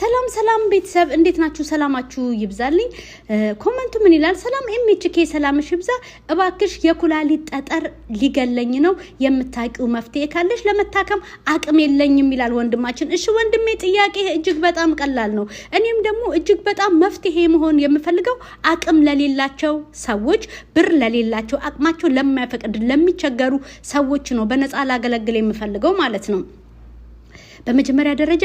ሰላም ሰላም ቤተሰብ እንዴት ናችሁ? ሰላማችሁ ይብዛልኝ። ኮመንቱ ምን ይላል? ሰላም ኤምኤችኬ ሰላምሽ ይብዛ። እባክሽ የኩላሊት ጠጠር ሊገለኝ ነው፣ የምታውቂው መፍትሄ ካለሽ ለመታከም አቅም የለኝም ይላል ወንድማችን። እሺ ወንድሜ፣ ጥያቄ እጅግ በጣም ቀላል ነው። እኔም ደግሞ እጅግ በጣም መፍትሄ መሆን የምፈልገው አቅም ለሌላቸው ሰዎች፣ ብር ለሌላቸው፣ አቅማቸው ለማይፈቅድ ለሚቸገሩ ሰዎች ነው በነፃ ላገለግል የምፈልገው ማለት ነው። በመጀመሪያ ደረጃ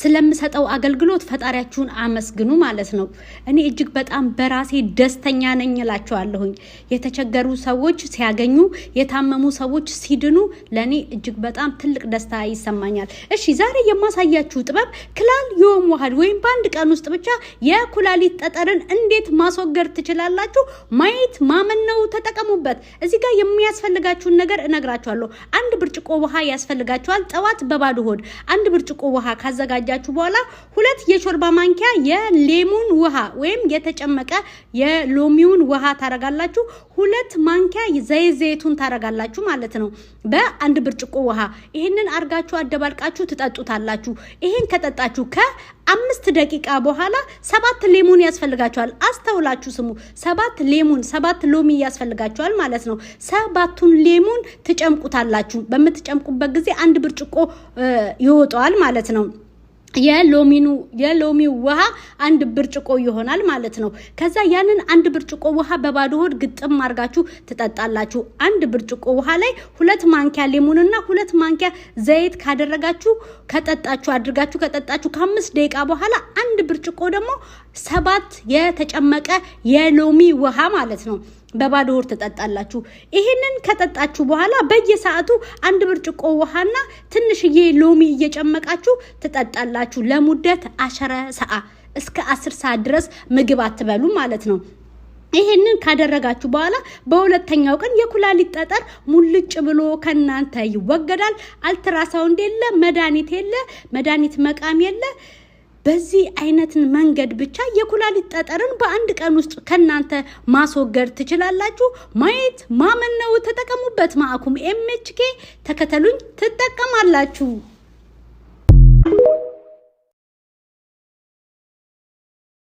ስለምሰጠው አገልግሎት ፈጣሪያችሁን አመስግኑ ማለት ነው። እኔ እጅግ በጣም በራሴ ደስተኛ ነኝ ላቸዋለሁኝ የተቸገሩ ሰዎች ሲያገኙ፣ የታመሙ ሰዎች ሲድኑ ለእኔ እጅግ በጣም ትልቅ ደስታ ይሰማኛል። እሺ ዛሬ የማሳያችሁ ጥበብ ክላል ዮም ዋህድ ወይም በአንድ ቀን ውስጥ ብቻ የኩላሊት ጠጠርን እንዴት ማስወገድ ትችላላችሁ? ማየት ማመን ነው። ተጠቀሙበት። እዚህ ጋር የሚያስፈልጋችሁን ነገር እነግራችኋለሁ። አንድ ብርጭቆ ውሃ ያስፈልጋችኋል። ጠዋት በባዶ ሆድ አንድ ብርጭቆ ውሃ ካዘጋጃችሁ በኋላ ሁለት የሾርባ ማንኪያ የሌሙን ውሃ ወይም የተጨመቀ የሎሚውን ውሃ ታረጋላችሁ። ሁለት ማንኪያ ዘይት ዘይቱን ታረጋላችሁ ማለት ነው፣ በአንድ ብርጭቆ ውሃ። ይህንን አርጋችሁ አደባልቃችሁ ትጠጡታላችሁ። ይህን ከጠጣችሁ ከአምስት ደቂቃ በኋላ ሰባት ሌሞን ያስፈልጋችኋል። አስተውላችሁ ስሙ። ሰባት ሌሞን፣ ሰባት ሎሚ ያስፈልጋችኋል ማለት ነው። ሰባቱን ሌሞን ትጨምቁታላችሁ። በምትጨምቁበት ጊዜ አንድ ብርጭቆ ይወጣዋል ማለት ነው። የሎሚው ውሃ አንድ ብርጭቆ ይሆናል ማለት ነው። ከዛ ያንን አንድ ብርጭቆ ውሃ በባዶ ሆድ ግጥም አድርጋችሁ ትጠጣላችሁ። አንድ ብርጭቆ ውሃ ላይ ሁለት ማንኪያ ሌሙንና ሁለት ማንኪያ ዘይት ካደረጋችሁ ከጠጣችሁ አድርጋችሁ ከጠጣችሁ ከአምስት ደቂቃ በኋላ አንድ ብርጭቆ ደግሞ ሰባት የተጨመቀ የሎሚ ውሃ ማለት ነው በባዶ ሆድ ትጠጣላችሁ። ይህንን ከጠጣችሁ በኋላ በየሰዓቱ አንድ ብርጭቆ ውሃና ትንሽዬ ሎሚ እየጨመቃችሁ ትጠጣላችሁ። ለሙደት አሸረ ሰዓ እስከ አስር ሰዓት ድረስ ምግብ አትበሉ ማለት ነው። ይሄንን ካደረጋችሁ በኋላ በሁለተኛው ቀን የኩላሊት ጠጠር ሙልጭ ብሎ ከእናንተ ይወገዳል። አልትራሳውንድ የለ፣ መድኃኒት የለ፣ መድኃኒት መቃም የለ። በዚህ አይነትን መንገድ ብቻ የኩላሊት ጠጠርን በአንድ ቀን ውስጥ ከእናንተ ማስወገድ ትችላላችሁ። ማየት ማመን ነው። ተጠቀሙበት። ማዕኩም ኤምኤችኬ ተከተሉኝ፣ ትጠቀማላችሁ።